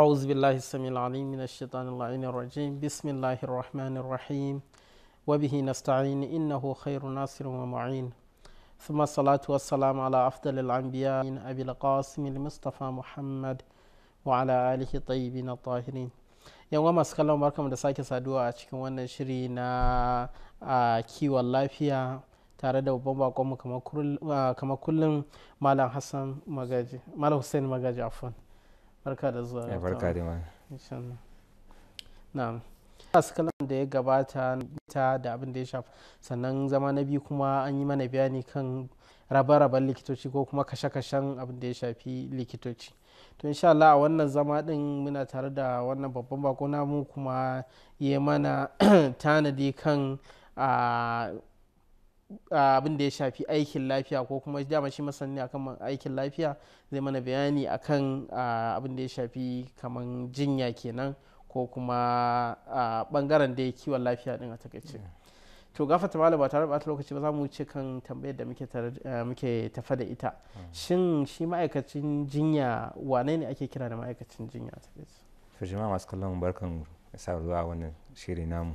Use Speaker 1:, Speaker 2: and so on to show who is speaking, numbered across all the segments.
Speaker 1: أعوذ بالله السميع العليم من الشيطان اللعين الرجيم بسم الله الرحمن الرحيم وبه نستعين إنه خير ناصر ومعين ثم الصلاة والسلام على أفضل الأنبياء أبي القاسم المصطفى محمد وعلى آله الطيبين الطاهرين yan masu kallon barkamu da sake saduwa a cikin wannan shiri na kiwon lafiya tare da babban bakonmu kamar kullum malam hassan magaji malam hussein magaji afon barka da zuwa eh, barka da ma na'am masu da ya gabata ta da abin da ya shafa sannan zama na biyu kuma an yi mana bayani kan raba-raban likitoci ko kuma kashe-kashen abin da ya shafi likitoci to insha Allah a wannan zama din muna tare da wannan babban bako namu kuma ya mana tanadi kan ah, abin da ya shafi aikin lafiya ko kuma dama shi masani akan aikin lafiya zai mana bayani akan abin da ya shafi kamar jinya kenan ko kuma bangaren da ya kiwon lafiya din a takaice to gafata malam ba tare da lokaci ba za mu ce kan tambayar da muke tafa da ita hmm. shin shi ma'aikacin jinya wane ne ake kira da ma'aikacin jinya a takaice
Speaker 2: to masu kallon barkan sa zuwa wannan shiri namu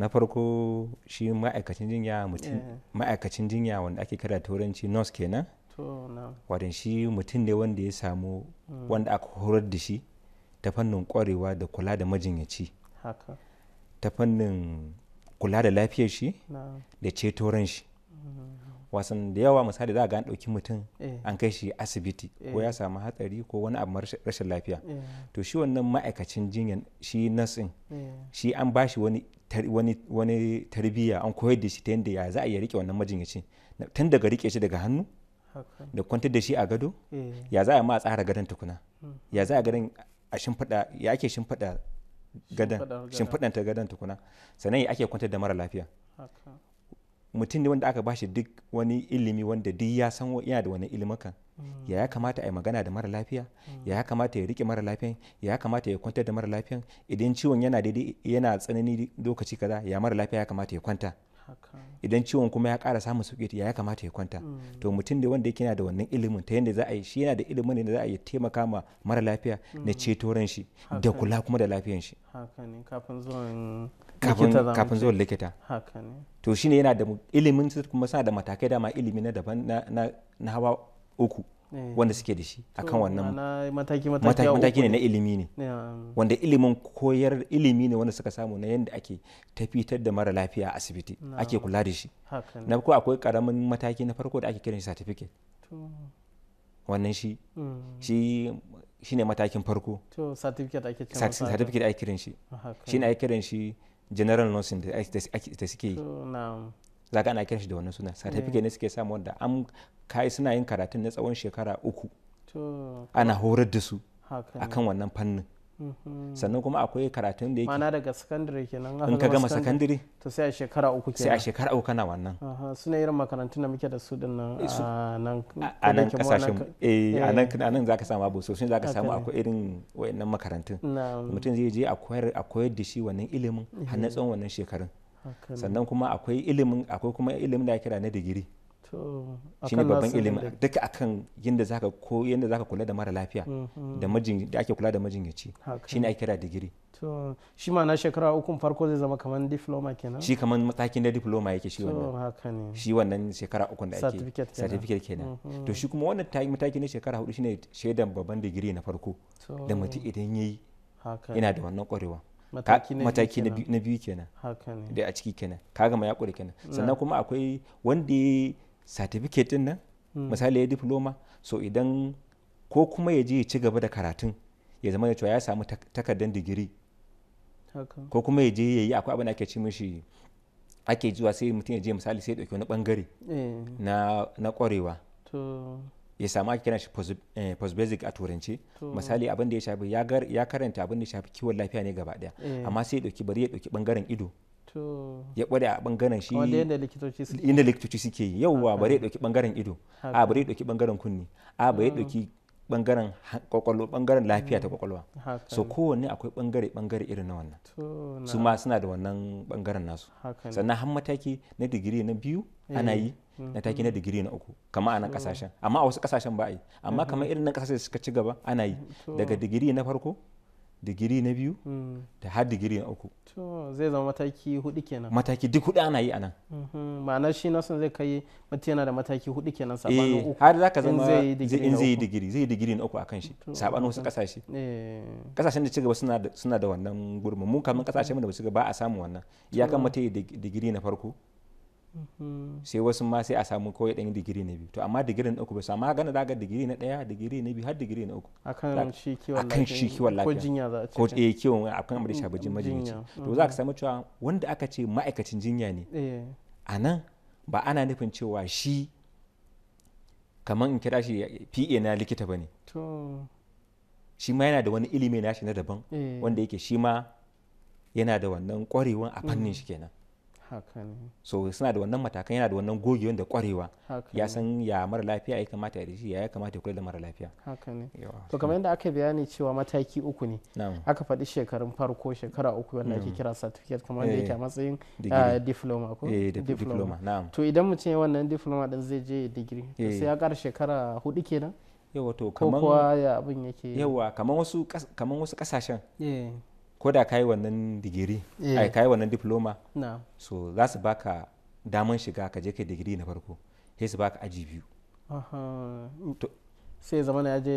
Speaker 2: na farko shi ma'aikacin jinya mutum eh. ma'aikacin jinya wanda ake kira turanci nurse kenan wadanshi shi mutum ne wanda ya samu hmm. wanda aka horar da shi ta fannin kwarewa da kula da majinyaci ta fannin kula da lafiyar shi da ceto ran shi hmm. wasan da yawa misali za a gani ɗauki mutum eh. an kai shi asibiti ko ya eh. samu hatsari ko wani abu rashin lafiya to shi wannan ma'aikacin jinya shi nasin shi an bashi wani wani tarbiyya an koyar da shi ta yadda ya za a iya rike wannan majinyaci tun daga rike shi daga hannu da kwantar da shi a gado eh. ya za a ma a tsara gadon tukuna hmm. ya za a gadon a shimfiɗa ya ake shimfiɗa gadon shimfiɗanta gadon tukuna sannan ya ake kwantar da mara lafiya mutum ne wanda aka bashi duk wani ilimi wanda duk ya san yana da wani ilimukan ya ya kamata a yi magana da mara lafiya ya ya kamata ya rike mara lafiyan ya ya kamata ya kwantar da mara lafiyan idan ciwon yana daidai yana tsanani lokaci kaza ya mara lafiya ya kamata ya kwanta idan ciwon kuma ya kara samun sauƙi ya ya kamata ya kwanta mm. to mutum da wanda yake na da wannan ilimin ta yadda za a yi shi yana da ilimin da za a yi taimaka ma mara lafiya mm. na ceto ran shi da kula kuma da lafiyan shi
Speaker 1: kafin zuwan likita
Speaker 2: to shi ne yana da ilimin kuma suna da matakai dama ilimi na daban na hawa uku Eh. wanda suke da shi akan wannan mataki ne na ilimi ne wanda ilimin koyar ilimi ne wanda suka samu na yadda ake tafitar da mara lafiya a asibiti ake kula da shi na farko akwai karamin mataki na farko da ake kiran shi certificate wannan mm. shi shi ne matakin farko certificate ake kiran shi shi ne ake kiran shi general nursing da suke yi za ka ana kiran shi da wannan suna certificate ne suke samu wanda an kai suna yin karatun na tsawon shekara uku
Speaker 1: ana horar da su akan
Speaker 2: wannan fannin mm-hmm. sannan kuma akwai karatun da yake mana
Speaker 1: daga secondary kenan in ka gama secondary to sai a shekara uku kenan sai a shekara uku kana wannan suna irin makarantun da muke da su din nan eh, a nan kasashen eh a nan
Speaker 2: eh. a nan zaka samu abu sosai zaka samu akwai irin wayannan makarantun mutum zai je a koyar da shi wannan ilimin har na mm-hmm. tsawon wannan shekarun sannan kuma akwai ilimin akwai kuma ilimin da kira na digiri Shi ne babban ilimin duka akan yadda zaka ko yadda zaka kula da mara lafiya mm-hmm. da majin da ake kula da majinyaci ne ake kira digiri
Speaker 1: to shi ma na shekara ukun farko zai zama kamar diploma kenan shi
Speaker 2: kamar matakin da diploma yake shi wannan shi wannan shekara ukun da ake certificate kenan mm-hmm. to shi kuma wannan mataki na shekara hudu shine shaidan babban digiri na farko da mutum idan yayi yana da wannan kwarewa mataki na biyu kenan da a ciki kenan ka gama ya kure kenan sannan kuma akwai wanda ya certificate din nan hmm. misali ya diploma so idan ko kuma ya je ya ci gaba da karatun ya zama da cewa ya samu takardar digiri ko kuma ya je ya yi akwai abin da ake ci mishi ake zuwa sai mutum ya je misali sai ya dauki wani bangare eh. na kwarewa ya samu ake kira shi eh, post basic a turanci misali abin da ya shafi ya karanta abin da ya shafi kiwon lafiya ne gaba daya eh. amma sai ya dauki bari ya dauki bangaren ido ya kware a bangaren shi inda likitoci suke yi yauwa bari ya dauki bangaren ido a bari ya dauki bangaren kunni a bari ya dauki ah. bangaren kwakwalwa bangaren lafiya ta kwakwalwa mm. so kowanne akwai bangare bangare irin na wannan su ma suna da wannan bangaren nasu sannan har mataki na digiri na biyu ana eh. yi na mm-hmm. taki na digiri na uku kama a nan kasashen amma a wasu kasashen ba a yi amma kamar mm-hmm. irin nan kasashen suka ci gaba ana yi mm-hmm. daga digiri na farko digiri na biyu mm. da har digiri na uku
Speaker 1: to zai zama mataki hudu kenan mataki duk hudu ana yi a nan ma'ana shi nasan zai kai mutum yana da mataki hudu kenan sabanin eh, uku har za ka zama in zai yi
Speaker 2: digiri zai yi digiri na uku kan shi sabanin wasu kasashe kasashen eh. da cigaba suna da wannan gurbin mun kamar kasashen da ba ba a samu wannan iyakan yi digiri na farko sai wasu ma sai a samu kawai ɗan digiri na biyu to amma digiri na uku bai amma gana daga digiri na daya digiri na biyu har digiri na uku akan shi kiwon lafiya ko jinya za a ce ko eh kiwon akan ko jinya shafi jin mm, to za ka mm. samu cewa wanda aka ce ma'aikacin jinya ne eh. a nan ba ana nufin cewa shi kamar in kira shi PA na likita bane ne shi ma yana da wani ilimi na shi na daban eh. wanda yake shi ma yana da wannan kwarewan a fannin mm. shi kenan so suna da wannan matakan yana da wannan goge da kwarewa ya san ya mara lafiya ya kamata ya rishi ya kamata ya kula da mara lafiya haka ne to kamar
Speaker 1: yadda aka bayani cewa mataki uku ne aka faɗi shekarun farko shekara uku wanda ake mm. kira certificate kamar da yake a eh, matsayin ah, diploma ko eh, diploma to idan mutum ya wannan diploma din zai je digiri eh. sai ya kara shekara hudu kenan
Speaker 2: yawa to kaman yawa wasu kaman wasu kasashen ko da kayi wannan digiri eh. ai kayi wannan diploma so za su baka daman shiga ka je kai digiri na farko sai su baka aji biyu
Speaker 1: sai zama na je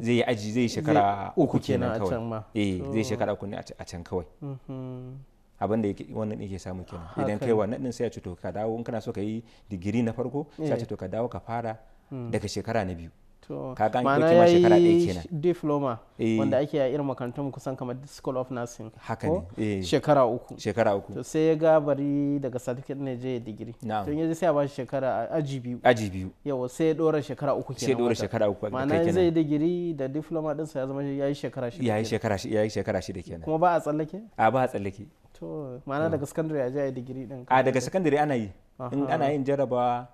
Speaker 1: zai yi aji zai shekara uku kenan kawai eh zai shekara
Speaker 2: uku ne a can kawai mhm. abin da wannan yake samu kenan idan kai wannan din sai ya ce to ka dawo in kana so ka yi digiri na farko sai ya ce eh. to ka dawo ka fara hmm. daga shekara na biyu ka ga an ma shekara ɗaya kenan
Speaker 1: diploma eh. wanda ake a irin makarantun kusan kamar school of nursing
Speaker 2: haka ne eh. shekara uku shekara uku
Speaker 1: to sai ya ga bari daga certificate ne je digiri to ya sai a bashi shekara aji biyu aji biyu yawa sai ya dora shekara uku kenan sai dora shekara uku ma'ana zai digiri da diploma din sa ya zama yayi shekara shida yayi
Speaker 2: shekara shida yayi shekara shida kenan kuma ba a tsallake a ba a tsallake
Speaker 1: to ma'ana daga hmm. secondary a je a digiri din a daga secondary ana yi in ana yin
Speaker 2: jarabawa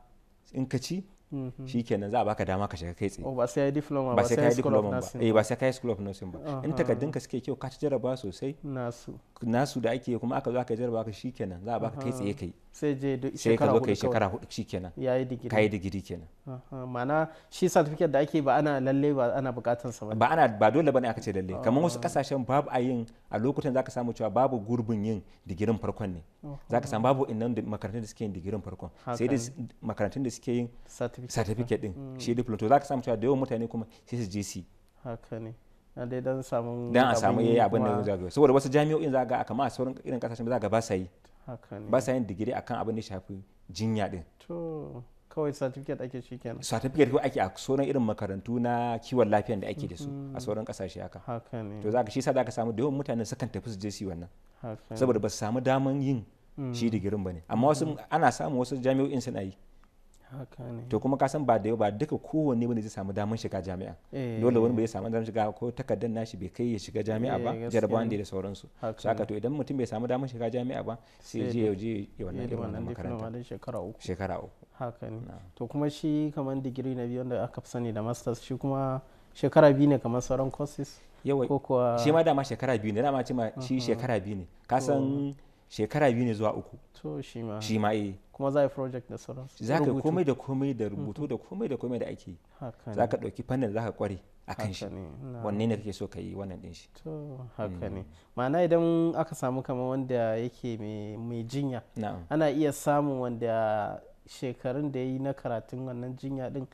Speaker 2: in ka ci Mm-hmm. shikenan za a baka dama ka shiga kai tsaye oh, ba sai diploma ba sai kai diploma ba eh ba sai kai school of nursing ba in takardun ka suke kyau ka ta jarraba sosai nasu nasu da ake kuma aka zo aka jarraba ka shikenan za a baka kai tsaye kai sai je da shekara hudu shekara hudu shikenan yayi digiri kai digiri kenan
Speaker 1: ma'ana shi certificate da ake ba
Speaker 2: ana lalle ba ana bukatan sa ba ana ba dole bane aka ce lalle ah. kamar wasu kasashen babu a yin a lokutan zaka samu cewa babu gurbin yin digirin farkon ne zaka samu babu innan makarantun da suke yin digirin farkon sai dai makarantun da suke yin certificate din hmm. shi diploma to zaka samu cewa da yawan mutane kuma sai su je
Speaker 1: haka ne na dan dan a samu yayi eh, abin da zagaya saboda
Speaker 2: wasu jami'o'in zaga a kama a saurin irin kasashen ba ga ba sa yi ba sa yin digiri akan abin da shafi jinya din
Speaker 1: to kawai certificate ake shi kenan certificate
Speaker 2: ko ake a sauran irin makarantu na kiwon lafiyan da ake da su mm-hmm. a sauran kasashe haka haka ne to zaka shi sa zaka samu da yawan mutane sukan tafi su je su wannan saboda ba su samu daman yin shi mm. digirin ne amma wasu mm. ana samu wasu jami'o'in suna yi to kuma kasan ba da yau ba duka kowanne wani zai samu damar shiga jami'a eh. dole wani bai samu damar shiga ko takardar nashi bai kai ya shiga jami'a ba eh, jarabawan da da sauransu saka to idan mutum bai samu damar shiga jami'a ba sai je ya je ya wannan wannan makaranta shekara uku shekara uku
Speaker 1: haka ne to kuma shi kamar digiri na biyu wanda aka fi sani da masters shi kuma shekara biyu ne kamar sauran courses yawa shi ma
Speaker 2: dama shekara biyu ne dama ce ma shi shekara biyu ne kasan shekara biyu ne zuwa uku shi ma eh kuma
Speaker 1: za a yi project da sauransu za ka komai da
Speaker 2: komai da rubutu mm-hmm. da komai da komai da ake yi za ka ɗauki fannin za ka kware a kan shi wanne ne kake so ka yi wannan ɗin shi to haka mm. ne
Speaker 1: ma'ana idan aka samu kamar wanda yake mai jinya ana iya samun wanda shekarun da ya yi na karatun wannan jinya ɗin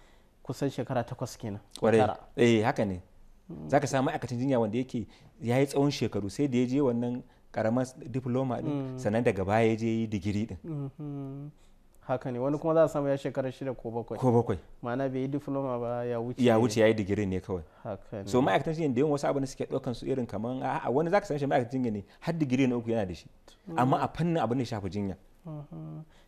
Speaker 1: kusan shekara takwas kenan kwarai
Speaker 2: eh haka ne mm. za ka samu ma'aikacin jinya wanda yake ya yi tsawon shekaru sai da ya je wannan karamar diploma din mm. sannan daga baya ya je yi digiri din
Speaker 1: mm-hmm. haka ne wani kuma za a samu ya shekara shida ko bakwai ko bakwai ma'ana bai yi diploma ba ya wuce ya wuce ya
Speaker 2: yi digiri ne kawai haka ne so ma'aikatan shi da yawan wasu abin da suke ɗaukan su irin kaman a wani zaka san shi ma'aikatan jinya ne har digiri na uku yana da shi mm. amma a fannin abin da shafi jinya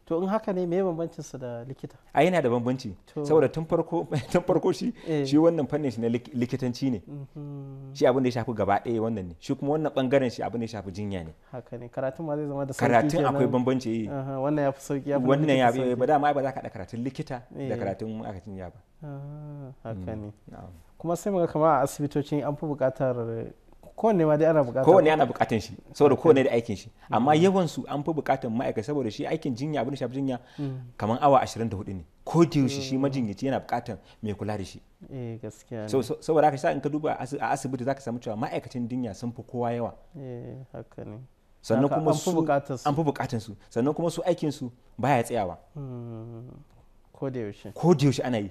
Speaker 2: to in haka
Speaker 1: ne me bambancin su da likita
Speaker 2: a yana da bambanci saboda tun farko tun farko shi eh. shi wannan fannin shi na likitanci ne mhm. shi abin da ya shafi gaba ɗaya wannan ne shi kuma wannan bangaren shi abin da ya shafi jinya ne
Speaker 1: haka ne karatun ma zai zama da sauki karatun akwai bambanci eh wannan ya fi sauki ya fi wannan ya ba ba dama
Speaker 2: ba za ka da karatun likita da eh. karatun aka jinya ba ah, haka mm, ne
Speaker 1: kuma sai ga kamar a asibitocin an fi buƙatar kowane ma dai ana bukata kowane ana
Speaker 2: bukatan shi saboda kowane da aikin shi mm. amma yawan su an fi bukatan ma'aikata saboda shi aikin jinya abin shafi jinya mm. kamar awa 24 ne ko da yaushe shi eh. majinyaci yana bukatan mai kula da shi eh gaskiya so saboda haka sa in ka duba a asibiti zaka samu cewa ma'aikatan jinya sun fi kowa yawa eh haka ne sannan kuma su an fi bukatan su sannan kuma su aikin su baya tsayawa
Speaker 1: mm. ko da yaushe ko da yaushe ana yi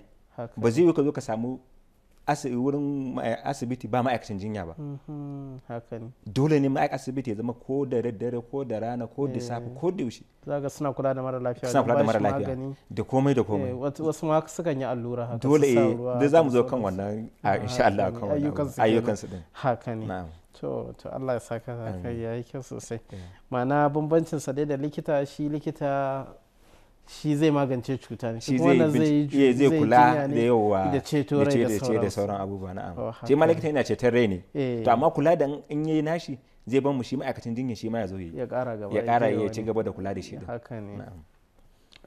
Speaker 1: ba
Speaker 2: zai yi ka zo ka samu wurin asibiti ba ma'aikacin jinya ba
Speaker 1: mhm,
Speaker 2: dole ne ma'aikacin asibiti ya zama ko da daddare ko da rana ko da safe eh. ko da yaushe
Speaker 1: zaga suna kula
Speaker 2: da mara lafiya suna kula da mara lafiya da komai da komai eh, wasu ma sukan yi allura haka dole ne eh, da mu zo kan wannan insha Allah kan wannan ayyukan su din
Speaker 1: haka ne to to Allah ya saka kai yayi kyau sosai ma'ana bambancin sa dai da likita shi likita
Speaker 2: shi zai magance cuta shi zai zai kula da yawa da ceto rai da sauran da sauran abubuwa amma ce oh, ma likita yana ceton rai ne eh. to amma kula da in yayi nashi zai ban mu shi ma'aikacin jinya shi ma ya zo ya kara gaba ya kara ya ci gaba da kula da shi haka
Speaker 1: ne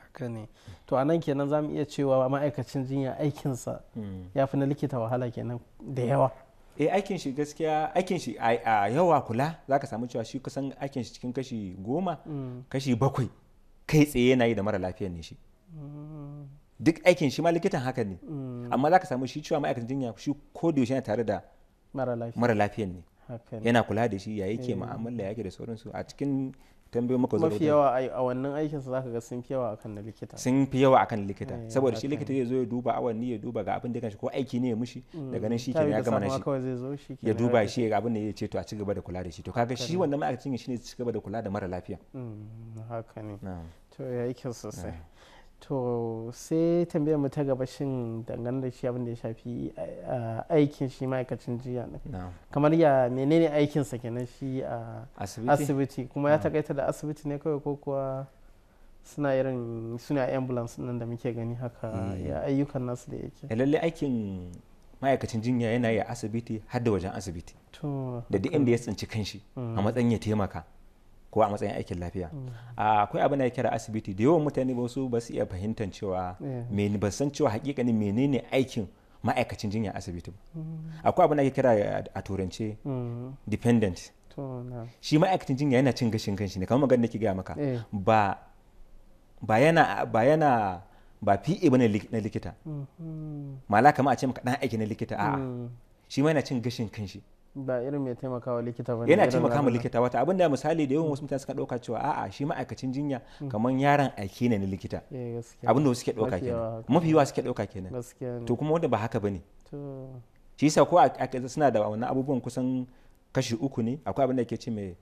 Speaker 1: haka ne to a nan kenan zamu iya cewa ma'aikacin jinya aikinsa hmm. ya fi na likita wahala kenan da yawa
Speaker 2: E aikin shi gaskiya aikin shi a yawa kula zaka samu cewa shi kusan aikin shi cikin kashi goma hmm. kashi bakwai kai tsaye yana yi da mara lafiyan ne shi duk aikin shi ma likitan haka ne mm. amma za ka samu shi cewa ma'aikatan jinya shi ko da yaushe yana tare da mara lafiyan ne yana kula da shi ya yake eh. mu'amala yake da sauransu a cikin tambayoyin maka zuwa yawa
Speaker 1: a wannan aikin su zaka ga sun fi yawa akan
Speaker 2: na likita sun fi yawa akan likita eh, saboda shi likita zai zo ya duba awanni ya duba ga abin da kanshi ko aiki ne ya mushi mm. daga nan shi kenan ya gama shi ya duba shi ga abin da ya ce to a cigaba da kula da shi to kaga shi wannan ma'aikacin shi ne ci gaba da kula da mara lafiya
Speaker 1: mm, haka ne to ya aikin sosai eh. to sai tambayar mu ta gaba shin dangane da shi abin da ya shafi eh, aikin shi ma'aikacin jiya kamar ya menene aikinsa kenan shi a
Speaker 2: asibiti kuma ya
Speaker 1: takaita da asibiti ne kawai ko kuwa suna irin suna ambulance nan da muke gani haka hmm. ya ayyukan nasu da yake eh,
Speaker 2: lalle aikin ma'aikacin jinya yana yi a asibiti har da wajen asibiti da duk inda ya tsinci kanshi a hmm. matsayin ya taimaka ko a matsayin aikin lafiya mm. akwai abin da ya kira asibiti da yawan mutane ba su ba su iya fahimtar cewa eh. ba san cewa hakikanin menene aikin ma'aikacin jinya asibiti ba mm. akwai abin da ya kira eh, a turance mm. dependent shi ma'aikacin jinya yana cin gashin kanshi ne kamar magana da gaya maka eh. ba ba yana ba yana ba bane na likita mm-hmm. mala kamar a ce maka dan aiki na likita a'a shi ma yana cin gashin kanshi ba irin mai taimakawa likita ba yana taimaka ma likita wata abinda misali da yawan wasu mutane suka dauka cewa a'a shi ma'aikacin jinya hmm. kamar yaran aiki ne na likita eh, abinda wasu suke dauka kenan mafi yawa suke dauka kenan to kuma wanda ba haka bane shi yasa ko suna da wannan abubuwan kusan kashi uku ne akwai abinda ke ce mai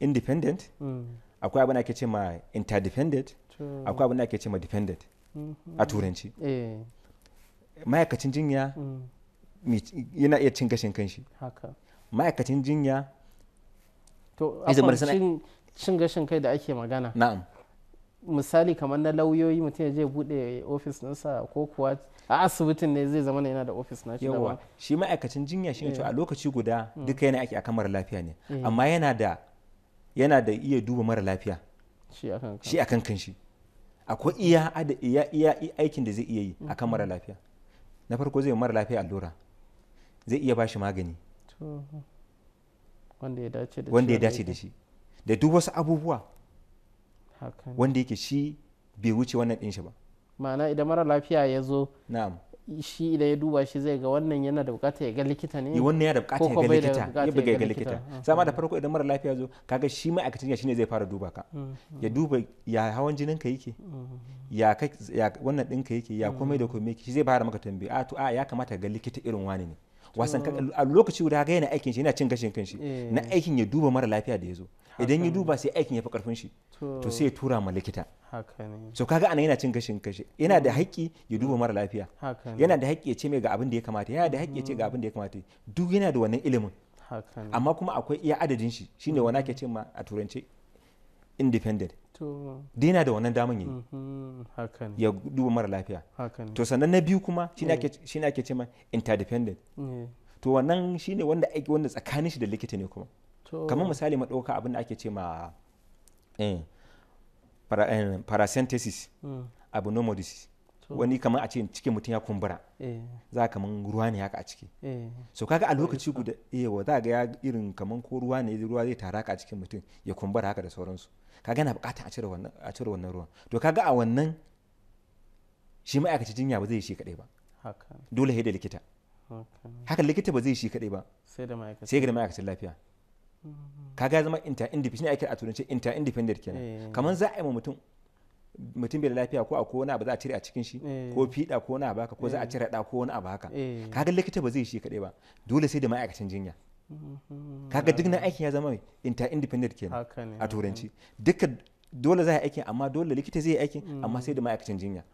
Speaker 2: independent hmm. akwai abinda ke ce ma interdependent akwai abinda ke ce ma dependent mhm. a turanci eh. ma'aikacin jinya hmm. yana iya cin gashin kanshi ma'aikacin jinya
Speaker 1: to cin gashin kai da ake magana na'am misali kamar na lauyoyi mutum ya je bude ofis nasa ko kuwa a asibitin ne zai zama yana da ofis na yawa
Speaker 2: shi ma'aikacin jinya shi ne a eh. lokaci guda mm. duka yana ake akan mara lafiya ne eh. amma yana da yana da iya duba mara lafiya shi akan kan shi akwai iya aikin da zai iya yi mm-hmm. akan mara lafiya na farko zai mara lafiya allura zai iya bashi magani
Speaker 1: wanda ya dace da
Speaker 2: shi da duk wasu abubuwa wanda yake shi bai wuce wannan din shi ba
Speaker 1: ma'ana idan mara lafiya ya zo shi idan ya
Speaker 2: duba shi zai ga wannan yana da bukata ya ga likita ne eh, wannan yana da bukata ya ga likita ya buga ya ga likita sama ah, da farko idan mara lafiya zo kaga shi ma'aikacin shi shine zai fara duba ka mm, mm. ya duba ya hawan jinin ka yake mm, ya wannan din ka yake ya komai da komai shi zai fara maka tambayi a to a ya kamata ga likita irin wani ne wasan a lokaci guda ga yana aikin shi yana cin gashin kanshi eh. na aikin ya duba mara lafiya da ya zo idan ya duba sai aikin ya fi karfin shi to sai ya tura ma likita so kaga ana yana cin gashin kanshi yana da haƙƙi ya duba mara lafiya yana da haƙƙi ya ce mai ga abin da ya kamata yana da haƙƙi ya ce ga abin da ya kamata duk yana da wannan ilimin amma kuma akwai iya adadin shi shine mm. wani ake ce ma a turance independent dina da wannan daman yi
Speaker 1: mhm, ya
Speaker 2: duba mara lafiya to sannan na biyu kuma shi ne eh. ake ce ma interdependent eh. to wannan ne wanda aiki wanda tsakanin shi da likita ne kuma kamar misali maɗauka ɗauka abin da ake ce ma eh, paracentesis mm. abinomodis wani kamar a ce cikin mutum ya kumbura za kamar ruwa ne haka a ciki
Speaker 1: so kaga a lokaci
Speaker 2: guda yawa za ga ya irin kamar ko ruwa ne ruwa zai tara ka a cikin mutum ya kumbura haka da sauransu kaga yana buƙatar a cire wannan a cire wannan ruwan to kaga a wannan shi ma'aikacin jinya ba zai shi kadai ba dole sai da likita haka likita ba zai shi kadai ba
Speaker 1: sai da ma'aikacin
Speaker 2: lafiya mm-hmm. kaga ya zama inter independent ake a turance inter independent kenan eh. kamar za a yi mutum mutum bai da lafiya ko a ko wani abu za a cire a cikin shi eh. ko fiɗa ko wani abu haka ko za a eh. cire ɗa ko wani abu haka kaga likita ba zai shi kaɗai ba dole sai da ma'aikacin jinya kaga duk na aikin ya zama inter independent kenan a turanci duka dole za a aikin amma dole likita zai yi aikin mm. amma sai da ma'aikacin jinya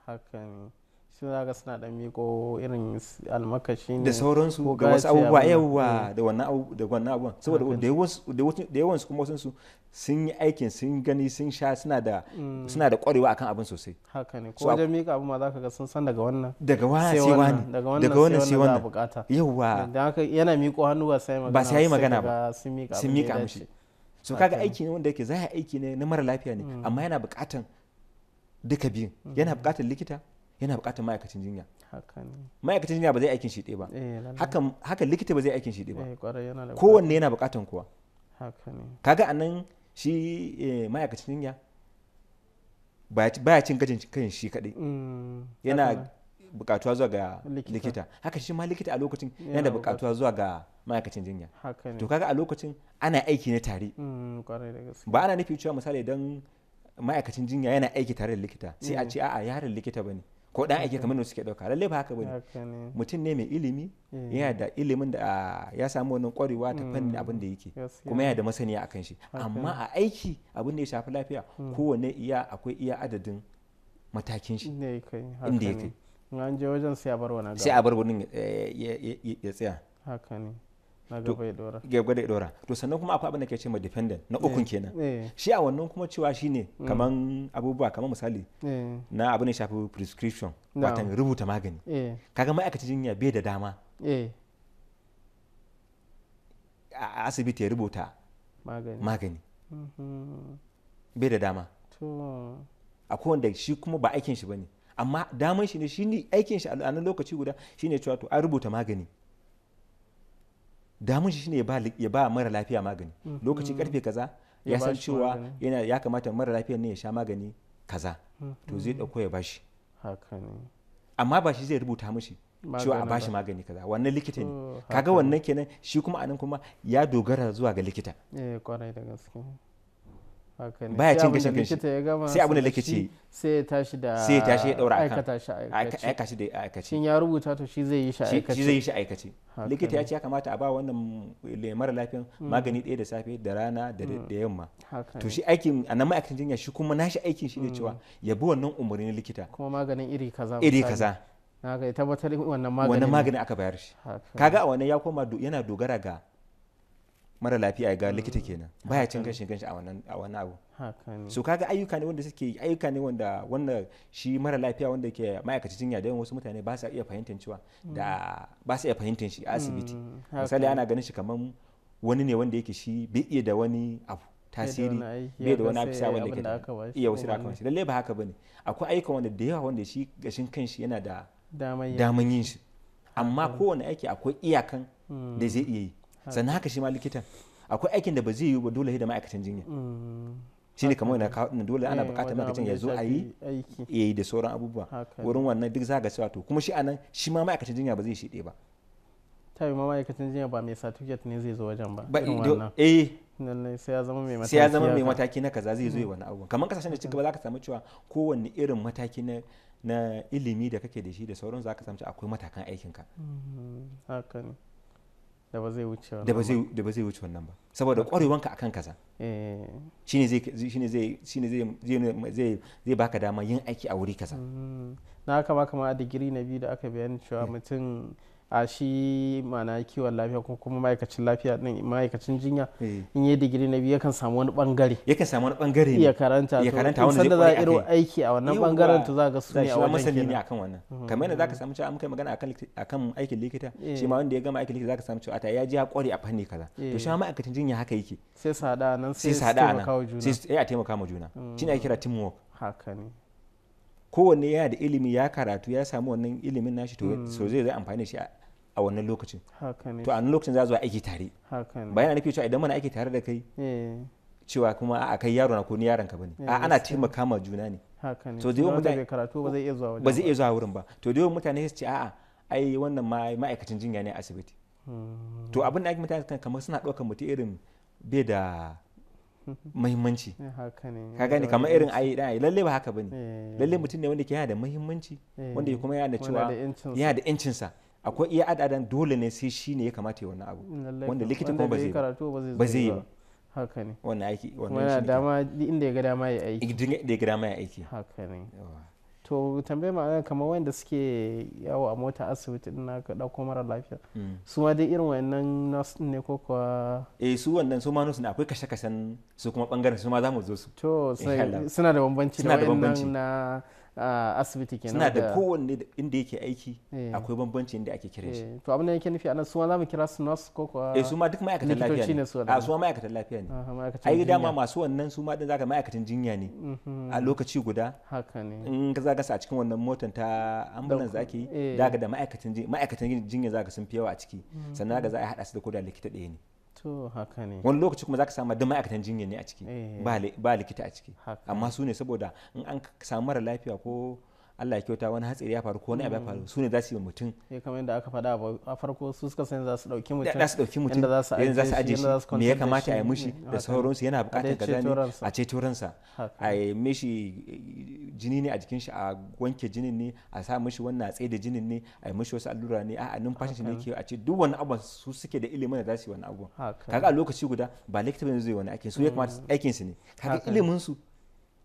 Speaker 1: sun za suna da miko irin almakashi
Speaker 2: ne da sauransu ga wasu abubuwa yawa eh. da wannan abubuwan saboda da yawan su kuma sun su sun yi aikin sun gani sun sha suna da kwarewa mm. akan abin sosai haka ne ko wajen
Speaker 1: mika abu ma za ka ga sun san daga wannan daga wannan sai wannan daga wannan sai wannan bukata yawa eh,
Speaker 2: da haka yana miko hannu ba sai magana ba sai magana ba sun mika mishi
Speaker 1: so kaga aiki
Speaker 2: ne wanda yake za zai aiki ne na mara lafiya ne mm. amma yana bukatan duka biyun yana mm. bukatan likita yana buƙatar ma'aikacin jinya ma'aikacin jinya ba zai aikin shiɗe ba eh, haka likita ba zai aikin shiɗe ba
Speaker 1: eh,
Speaker 2: kowanne yana buƙatar kowa kaga a nan shi eh, ma'aikacin jinya baya cin gajin kan shi kaɗai mm, yana buƙatuwa zuwa ga likita haka shi ma likita a lokacin yana buƙatuwa zuwa ga ma'aikacin jinya to kaga a lokacin ana aiki ne tare mm, ba ana nufi cewa misali idan ma'aikacin jinya yana aiki tare da likita sai a mm. ce a'a yaron likita ba ne. ko dan aiki kamar suke dauka lalle ba haka bane mutum ne mai ilimi eh. yana da ilimin da ah, ya samu wannan kwarewa ta fannin mm. abin da yake kuma yana da masaniya akan shi amma a aiki abin da ya shafi lafiya mm. kowane iya akwai iya adadin matakin shi inda ya kai an je wajen sai a bar wani sai a bar wani eh, ya tsaya haka ne gaba ya dora to sannan kuma akwai abin da ke ce ma dependent na ukun eh, kenan eh. shi a wannan kuma cewa shi ne mm. kamar abubuwa kamar misali eh. na abin da shafi prescription watan rubuta magani kaga ma'aikacin jinya bai da dama a asibiti ya rubuta
Speaker 1: magani mm-hmm.
Speaker 2: bai da dama a wanda shi kuma ba aikin shi ba ne amma daman shi ne shi ne aikin shi a lokaci guda shi ne cewa to an rubuta magani damun shi shine ya ba mara lafiya magani mhm. lokaci karfe kaza ya san cewa ya kamata mara lafiyar ne ya sha magani kaza mhm. to zai dauko ya bashi amma ba shi zai rubuta mishi cewa a bashi magani kaza wannan likita ne oh, kaga wannan kenan shi kuma anan kuma ya dogara zuwa ga likita
Speaker 1: eh, baya cin gashin kanshi sai abin da likici
Speaker 2: sai ya tashi da sai ya tashi ya daura aikata shi aikace da aikaci shin ya rubuta to shi zai yi shi aikace shi zai yi shi aikaci likita ya ce ya kamata a ba wannan mara lafiyan mm. magani ɗaya da safe da rana da mm. yamma to shi aikin nan ma'aikacin jinya shi kuma nashi aikin shi ne mm. cewa ya bi wannan umarnin likita kuma
Speaker 1: maganin iri kaza iri kaza na ga tabbatar wannan maganin wannan maganin
Speaker 2: aka bayar shi kaga a wannan ya koma yana dogara ga mara lafiya ya ga ah, likita kenan baya cin gashin ganshi a wannan a wannan abu so kaga ayyuka ne wanda suke ayyuka ne wanda wannan shi mara lafiya wanda ke ma'aikaci jinya da wasu mutane ba sa iya fahimtar cewa da hmm. ba sa iya fahimtar shi a asibiti hmm, misali ana ganin shi kaman wani ne wanda yake shi bai iya da wani abu tasiri bai da wani afisa wanda ke iya wasu da shi lalle ba haka bane akwai ayyuka wanda da yawa wanda shi gashin kanshi yana da daman yin shi amma kowane aiki akwai iyakan da hmm. zai iya yi sannan haka shi ma likitan akwai aikin da ba zai yi ba dole da ma'aikatan jinya
Speaker 1: mm.
Speaker 2: shi ne kamar na dole ana eh, bukatar ma'aikacin ya zo a yi ya yi da sauran abubuwa wurin wannan duk za ga cewa to kuma shi anan shi ma ma'aikacin jinya ba zai shi ɗaya ba
Speaker 1: ta ma ma'aikacin jinya ba mai satifiket ne zai zo wajen ba
Speaker 2: irin
Speaker 1: eh sai ya zama mai mataki sai ya zama mai mataki na kaza zai zo yi wani abu kamar kasashen
Speaker 2: da ba za ka samu cewa kowanne irin mataki na na ilimi da kake da shi da sauran za ka samu akwai matakan aikinka
Speaker 1: mm-hmm. haka
Speaker 2: ne da ba zai wuce wannan ba saboda ka akan kaza eh. shine zai zai zai baka dama yin aiki a wuri kaza mm.
Speaker 1: na haka ma kama a digiri na biyu da aka bayani cewa eh. mutum a shi mana kiwon lafiya ko kuma ma'aikacin lafiya din ma'aikacin jinya eh. in yi digiri na biyu yakan samu wani bangare yakan samu wani bangare ne ya karanta ya karanta wani zai za a irin aiki a wannan bangaren to za ga su ne a wannan masani ne akan wannan mm-hmm. kamar yadda zaka
Speaker 2: samu cewa an kai magana akan akan aikin likita eh. shi ma wanda ya gama aikin likita zaka samu cewa ta ya ji ya kware a fanni kaza to eh. shi ma ma'aikacin jinya haka yake sai sada nan sai sada nan sai a taimaka ma juna ne ake kira mm. teamwork haka ne kowanne yana da ilimi ya karatu ya samu wannan ilimin nashi to hmm. so zai zai amfani shi a wannan lokacin to a lokacin za zuwa aiki tare bayan nufi cewa idan mana aiki tare da kai eh. cewa kuma a kai yaro na ko ni yaron ka bane eh, a ana taimaka ma juna ne to dai yawan mutane karatu ba zai iya zuwa ba zai iya zuwa wurin ba to da yawan mutane su ce a'a ai wannan ma'aikacin jinya ne a asibiti hmm. to abin da ake mutane kamar suna ɗaukar mutum irin bai da muhimmanci eh, ka gane kamar irin ayi dan ayi lalle ba haka bane eh. lalle mutum ne wanda ke yana da muhimmanci eh. wanda kuma yana da cewa yana da incin sa akwai iya adadan dole ne sai shine ya kamata ya wannan abu wanda likita kuma ba zai ba zai yi haka ne wannan aiki wannan shi dama inda ya ga dama ya aiki inda ya ga dama ya aiki haka ne
Speaker 1: to tambayi ma'ana kamar wanda suke yawo a mota asibiti na ka dauko mara lafiya hmm. su ma dai irin wannan nurse ne ko kuwa
Speaker 2: eh su wannan su ma nurse ne akwai kashe kashen su kuma bangaren su ma za mu zo su to suna da bambanci wannan na asibiti kenan suna da kowanne inda yake aiki eh. akwai bambanci inda ake kira shi eh,
Speaker 1: to abin da yake nufi anan su ma za mu kira su nurse ko kuwa eh suma ma duk ma'aikatan lafiya ne a su ma ma'aikatan lafiya
Speaker 2: ne ai dama masu wannan su ma din zaka ma'aikatan jinya ne mhm. a lokaci guda haka ne in ka zaka sa a cikin wannan motan ta ambulance da ake yi eh. zaka da ma'aikatan jinya ma'aikatan jinya zaka sun fi yawa a ciki mhm. sannan zaka za a hada su da koda likita ɗaya ne
Speaker 1: to haka ne wani
Speaker 2: lokaci kuma zaka samu duk ma'aikatan jinya ne a ciki eh. ba likita a ciki amma su ne saboda in an samu mara lafiya ko Allah ya kyauta wani hatsari ya faru ko wani abu ya faru su ne za su yi mutum
Speaker 1: Ya eh, kamar yadda aka faɗa a farko su suka san za su ɗauki mutum za su ɗauki mutum yadda za su aje shi me ya kamata a yi mishi da sauransu yana buƙatar kaza ne a
Speaker 2: ceto ransa a yi mishi eh, jini ne a jikin shi a wanke jinin ne a sa mishi wannan a tsaye da jinin ne a yi mishi wasu allura ne a numfashin shi ne ke a ce duk wani abu su suke da ilimin da za su yi wani abu kaga a lokaci guda ba likita ne zai wani aikin su ya kamata mm. aikin su ne kaga ilimin su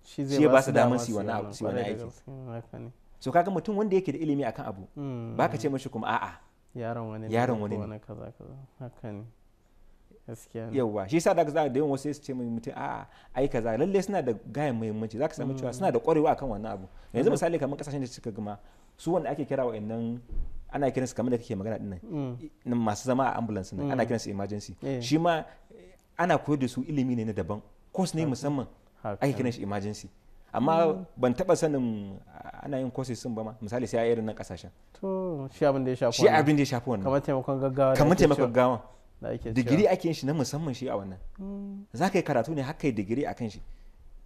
Speaker 2: shi ba su damar su wani abu su wani aiki so kaga mutum wanda yake da ilimi akan abu mm. ba ka ce mashi kuma a'a
Speaker 1: yaron wani ne yaron wani ne kaza kaza haka ne gaskiya yawa shi yasa daga
Speaker 2: da yawan wasu su ce mutum a'a ai kaza lalle suna da gayan muhimmanci zaka samu cewa mm. suna da kwarewa akan wannan abu yanzu misali kamar kasashen da suka gama su wanda ake kira wa'annan ana kiran su kamar da kake magana dinnan mm. masu zama a ambulance nan ana su emergency eh. shi ma ana koyar da su ilimi ne na daban course ne musamman ake kiran shi emergency amma hmm. ban taba sanin ana yin courses sun ba ma misali sai a irin nan kasashen
Speaker 1: to shi abin da ya shafi shi abin da ya shafi wannan kamar
Speaker 2: taimakon gaggawa kamar taimakon gaggawa digiri ake yin shi na musamman shi a wannan hmm. za ka yi karatu ne har kai digiri akan shi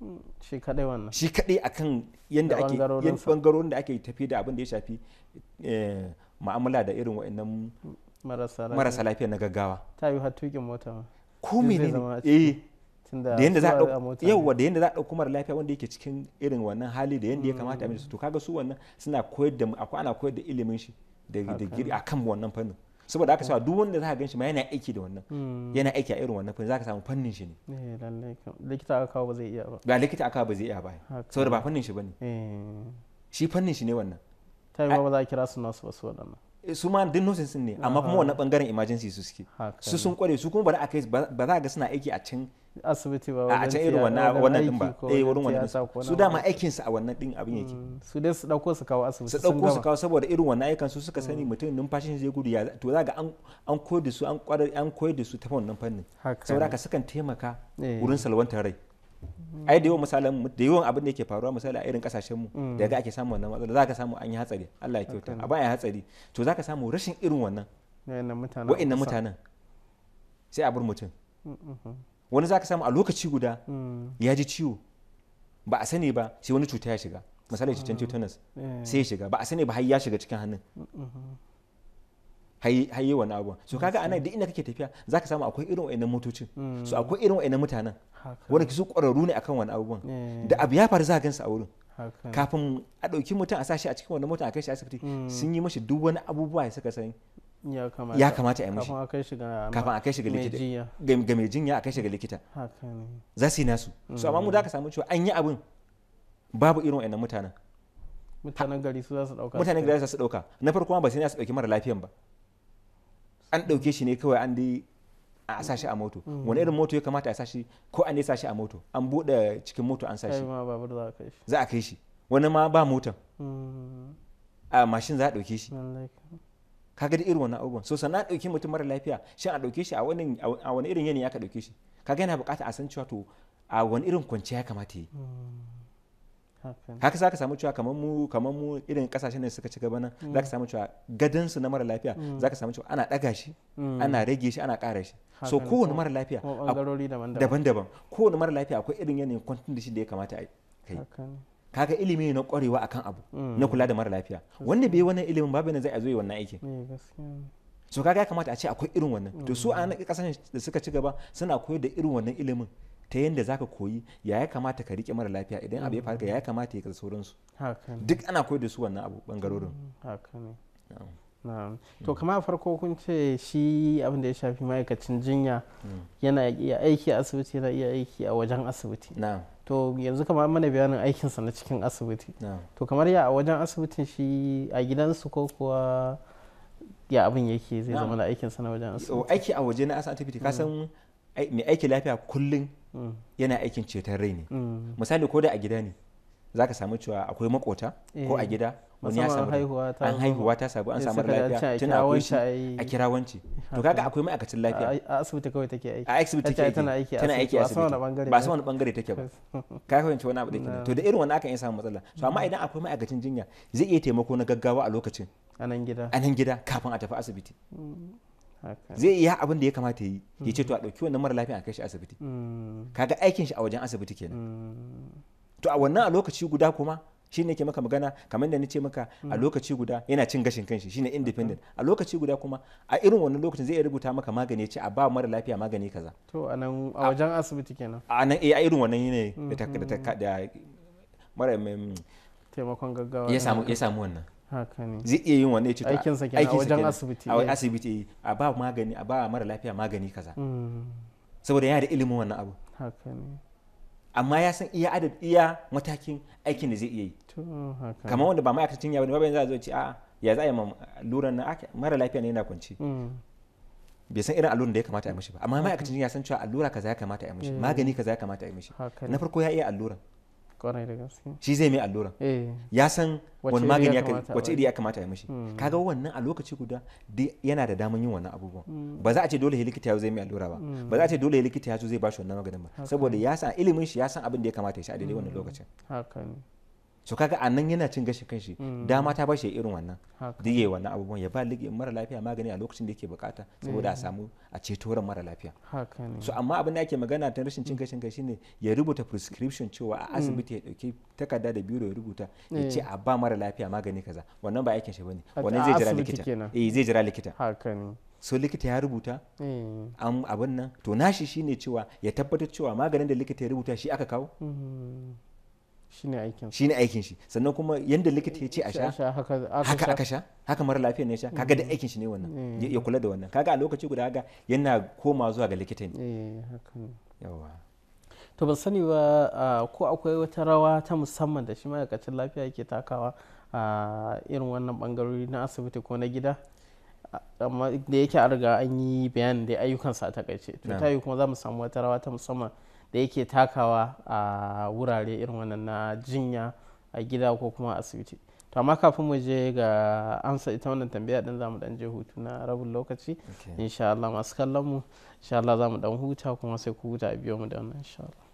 Speaker 2: hmm. shi kadai wannan shi kadai akan yanda ake yin bangarorin da ake tafi da abin da ya shafi eh, mu'amala da irin wa'annan marasa lafiya na gaggawa
Speaker 1: ta yi hatukin mota mota ko menene eh
Speaker 2: da yadda za a yauwa da yadda za a ɗauko mara lafiya wanda yake cikin irin wannan hali da yadda ya kamata a su to kaga su wannan suna koyar da akwai ana koyar da ilimin shi da giri akan wannan fannin saboda aka cewa duk wanda za ka ganshi ma yana aiki da wannan hmm. yana aiki a irin wannan fannin za ka samu fannin shi ne
Speaker 1: eh, likita aka kawo ba zai iya ba likita
Speaker 2: aka kawo ba zai iya ba saboda ba fannin shi ba ne eh. shi fannin shi ne wannan ta yi ba za a kira su nasu ba su waɗannan eh, su ma duk sun ne amma kuma wannan bangaren emergency su suke su sun kware su kuma ba za a kai ba za a ga suna aiki a can asibiti ba a can irin wannan wannan din ba eh wurin wannan su dama aikin su a wannan din abin yake mm, su dai su dauko su kawo asibiti su dauko su kawo saboda irin wannan aikan su suka sani mm. mutum numfashin zai gudu ya to za ga an an koyar da su an kwarar an koyar da su ta wannan fannin saboda ka sukan taimaka eh. wurin salwantar rai ai da yawan misalan da yawan abin da yake faruwa misali a irin kasashen mu mm. daga ake samu wannan matsala zaka samu an yi hatsari Allah ya kyauta a bayan hatsari to zaka samu rashin irin wannan wa'annan mutanen sai a bar mutum wani zaka samu a lokaci guda mm. ya ji ciwo ba a sani ba sai wani cuta ya shiga misali cutar tetanus mm. eh. sai ya shiga ba a sani ba har ya shiga cikin hannun hayi wani abu so kaga anan duk inda kake tafiya zaka samu akwai irin wayannan motocin so hmm. akwai irin wayannan mutanen wanda su kwararru ne akan wani abubuwan eh. da abu ya faru za gansu a wurin kafin a ɗauki mutum a sashi a cikin wannan mota a kai shi asibiti hmm. sun yi mashi duk wani abubuwa ya suka sani ya kamata a yi mashi kafin a kai shi ga likita ga mai jinya a kai shi ga likita za su yi nasu so amma mu da hmm. ka samu cewa an yi abin babu irin wayannan mutanen
Speaker 1: mutanen gari su za su dauka mutanen gari za su
Speaker 2: dauka na farko ma ba sai su dauki mara lafiyan ba an ɗauke shi ne kawai an dai a sa shi a moto hmm. wani irin moto ya kamata a sa shi ko an dai sa shi a moto an buɗe cikin moto an sa shi za a kai shi wani ma ba motan hmm. a mashin za a ɗauke shi kaga da irin wannan abubuwan so sannan ɗauki mutum mara lafiya shin a ɗauke shi a wani irin yanayi aka ɗauke shi kaga yana buƙatar a san cewa to a wani irin kwanciya ya kamata yi hmm. haka za ka samu cewa kamar mu kamar mu irin kasashen da suka ci gaba nan za ka mm. samu cewa gadon su na mara lafiya mm. za ka samu cewa ana daga shi mm. ana rage shi ana ƙara shi so kowane mara lafiya daban-daban kowane mara lafiya akwai irin yanayin kwantin da shi da ya kamata a kai kaga ilimi na kwarewa akan abu na kula da mara lafiya wanda bai wannan ilimin babu yana zai a zo yi wannan aikin eh, so kaga ya kamata a ce akwai irin wannan to su a kasashen da suka ci gaba suna koyar da irin wannan ilimin ta yadda za ka koyi ya ya kamata ka riƙe mara lafiya idan abu ya faru ka ya ya kamata ya kasa sauransu duk ana koyar da su wannan abu bangarorin
Speaker 1: mm,
Speaker 2: mm. to kama
Speaker 1: farko kun ce shi abin da ya shafi ma'aikacin jinya mm. yana iya aiki a asibiti yana iya aiki a wajen asibiti to yanzu kamar mana bayanin aikinsa na cikin asibiti to kamar ya a wajen asibitin shi a gidansu ko kuwa ya
Speaker 2: abin yake zai zama da aikinsa na wajen asibiti aiki a waje na asibiti ka san mai aiki lafiya kullum yana aikin ceton rai ne mm. misali ko da a gida ne za ka samu cewa akwai makota ko a eh, gida wani ya samu an haihuwa ta sabu an samu lafiya tana akwai shi a kira to kaga akwai ma'aikacin lafiya
Speaker 1: a asibiti kawai take aiki a asibiti take aiki tana aiki a asibiti ba sama bangare ba wani bangare take ba
Speaker 2: ka fahimci wani abu da kenan to da irin wani aka yi samu matsala to amma idan akwai ma'aikacin jinya zai iya taimako na gaggawa a lokacin a nan gida a nan gida kafin a tafi asibiti
Speaker 1: mm.
Speaker 2: zai iya abin da ya kamata yi ya ce to a mm. ɗauki wannan mara lafiya a kai shi asibiti mm. kaga aikin shi a wajen asibiti kenan mm. to a wannan a lokaci guda kuma shi ne ke maka magana kamar da ni ce maka a lokaci guda yana cin gashin kanshi shine independent a lokaci guda kuma a irin wannan lokacin zai rubuta maka magani ya ce a ba mara lafiya magani kaza
Speaker 1: to a nan a wajen asibiti kenan
Speaker 2: a nan eh, a irin wannan ne mm-hmm. da mara
Speaker 1: taimakon gaggawa ya samu wannan zai iya yin wani ya aikin sa kenan a wajen asibiti a
Speaker 2: asibiti a ba magani a ba mara lafiya magani kaza mm. saboda yana da ilimin wannan abu amma ya san iya adad iya matakin aikin da zai iya yi kamar wanda ba ma'aikacin ya bane ba yanzu a ce a ya za a yi alluran na mara lafiya ne yana kwanci mm. bai san irin alluran da ya kamata a yi mishi ba amma ma'aikacin ya san cewa allura kaza ya kamata a yi mishi mm. magani kaza ya kamata a yi mishi na farko ya iya alluran da gaske. shi zai mai allura eh. ya san wani magani wace iri ya kamata ya mishi hmm. kaga wannan a lokaci guda yana da daman yin wannan abubuwan hmm. ba za a ce dole likita ya zai mai allura ba hmm. ba za a ce dole likita ya zo zai ba shi wannan maganin ba saboda ya san ilimin shi ya san abin da ya kamata ya sha a daidai wannan lokacin so kaga a nan yana cin gashin kanshi mm. dama ta bashi irin wannan diye wannan abubuwan ya ba ligi mara lafiya magani a lokacin da yake bukata saboda a mm. samu a ceto ran mara lafiya so amma abin da ake magana ta rashin cin gashin kanshi ne ya rubuta prescription cewa a mm. asibiti ya dauki takarda da biro ya rubuta ya ce eh. a ba mara lafiya magani kaza wannan ba aikin shi bane wannan zai jira likita eh zai jira likita so likita ya rubuta eh. an abin nan to nashi shine cewa ya tabbatar cewa maganin da likita ya rubuta shi aka kawo shine aikin shi sannan kuma yadda likita ya ce a sha
Speaker 1: haka aka sha
Speaker 2: haka mara lafiya ne ya sha kaga da aikin shi ne wannan mm. ya kula da wannan kaga a lokaci guda haka yana koma zuwa ga likita ne eh, yawa to ban sani ba ko akwai wata rawa ta musamman da shi ma'aikacin lafiya
Speaker 1: yake takawa a irin wannan bangarori na asibiti ko na gida amma da yake a riga an yi bayanin da ayyukansa a takaice to ta yi kuma za mu samu wata rawa ta musamman da yake takawa a wurare irin wannan na jinya a gida ko kuma asibiti to amma kafin mu je ga amsa ita wannan tambaya din zamu dan je hutu na rabin lokaci insha Allah masu kallon mu insha Allah zamu dan huta kuma sai ku huta a biyo mu da wannan insha Allah